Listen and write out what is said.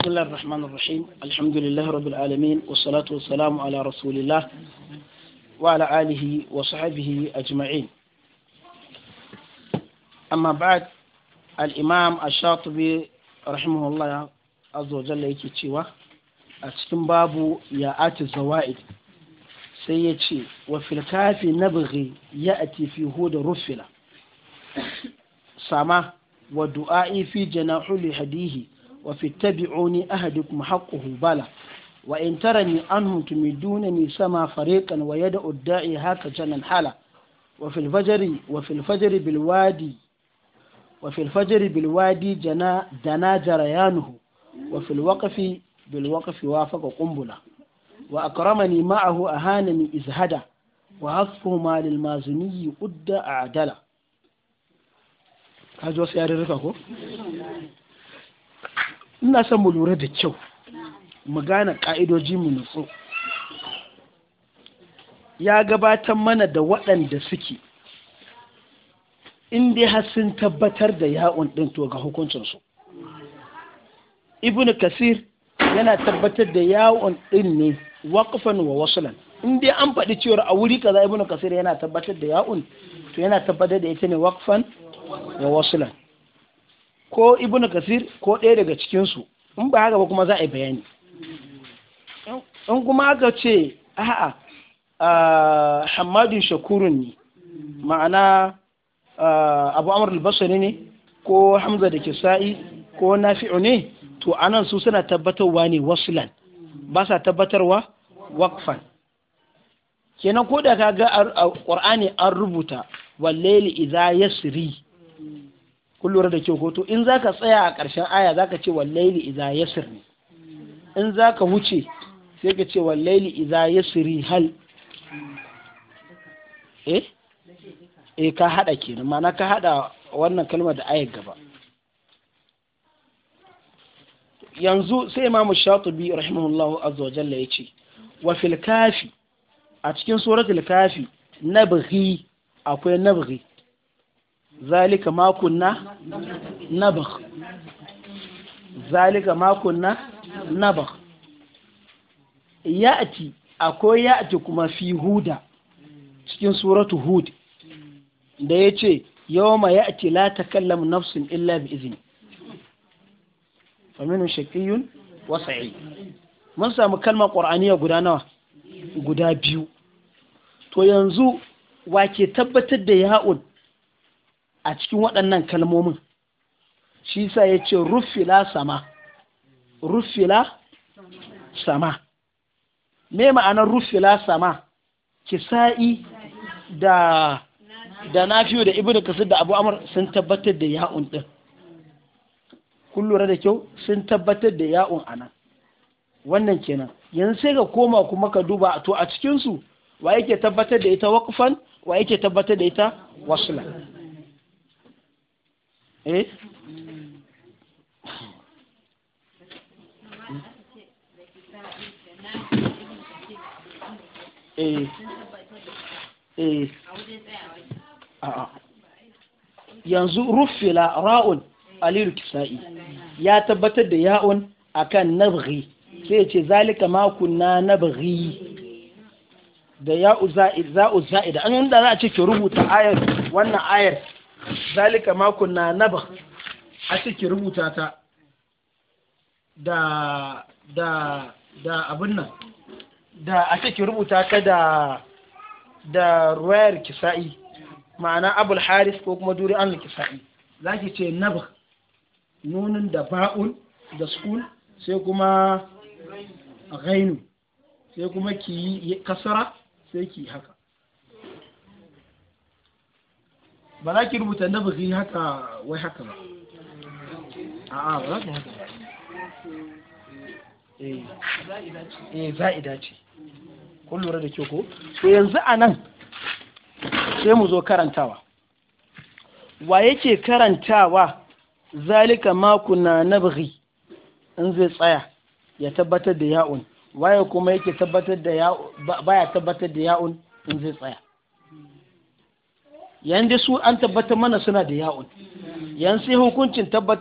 بسم الله الرحمن الرحيم الحمد لله رب العالمين والصلاة والسلام على رسول الله وعلى آله وصحبه أجمعين أما بعد الإمام الشاطبي رحمه الله عز وجل يكتوى أتكن باب يأتي الزوائد سيأتي وفي الكافي نبغي يأتي في هود رفلة سما ودعائي في جناح لهديه wafi tabi'o ni ahadi kuma haƙƙuhu bala wa in tara ni an hutu mi duna ni sama fariƙan wa yada udda'i haka janan hala wa fil fajari wa fil wa fil fajari bil wadi jana wa fil waqfi bil waqfi wa faqa wa akramani ma'ahu ahanani izhada wa hasfu ma mazuniyyi udda adala kajo sai ya rika ko ina son mu lura da kyau mu gane ka'idoji mu nutsu ya gabatar mana da waɗanda suke inda dai sun tabbatar da ya'un ɗin to ga hukuncinsu ibn kasir yana tabbatar da ya'un ɗin ne waƙafan wa wasulan inda dai an faɗi cewar a wuri kaza ibn kasir yana tabbatar da ya'un to yana tabbatar da ita ne waƙafan wa wasulan ko ibnu kasir ko ɗaya daga cikinsu in ba haka ba kuma za a yi bayani in kuma aka ce a'a hamadun shakurun ne ma'ana abu amur ne ko hamza da ke Sa'i, ko nafi'u ne to anan su suna tabbatarwa ne wasulan ba sa tabbatarwa wakfan kenan ko da ka ga a ƙwar'ani an rubuta wallaili idza yasri kun da kyau ko to in ka tsaya a ƙarshen aya za ka ce wallaili iza ya ne in za ka wuce sai ka ce wallaili idza yasri hal eh, eh ka hada kenan ma'ana ka hada wannan kalmar da ayar gaba yanzu sai imamu shatibi rahimahullahu azza wa jalla yace wa fil kafi a cikin suratul kafi nabghi akwai nabghi zalika makon na nabakh zalika ma kunna nabakh ya'ti akwai ya'ati kuma fi huda cikin suratu hud da yace yawma ya'ti la takallamu nafsun illa bi izni famin shakiyun wa mun samu kalmar qur'aniya guda nawa guda biyu to yanzu ke tabbatar da ya'ud a cikin waɗannan kalmomin shi sa ya ce rufila sama rufila sama me ma'anar rufila sama kisa'i da da fiye da ibnu kasir da abu amur sun tabbatar da ya'un ɗin, kun da kyau sun tabbatar da ya'un anan wannan kenan yanzu sai ka koma kuma ka duba to a cikinsu wa yake tabbatar da ita waƙufan, wa yake tabbatar da ita wasla Eh? Eh. Eh. yanzu rufila ra'un aliru kisa'i ya tabbatar da ya'un akan nabghi sai ce zalika makon na nabghi da ya'u za'id za'u za'id an da za a ce ki rubuta ayar wannan ayar zalika makon na naba a ciki rubuta ta da da da abin nan da a cikin rubuta ta da da ruwayar kisa'i ma'ana abul haris ko kuma duri an kisa'i za ki ce naba nunin da ba'un da sukun sai kuma ghainu sai kuma ki yi kasara sai ki haka ba za ki rubuta nabazi haka wai haka ba a'a ba za ki haka ba eh. eh za'ida ce kun lura da kyau ko to yanzu a nan sai mu zo karantawa wa yake karantawa zalika makuna nabghi in zai tsaya ya tabbatar da ya'un waye kuma yake tabbatar da baya tabbatar da ya'un in zai tsaya yanzu su an tabbatar mana suna da yawon. yanzu sai hukuncin tabbatar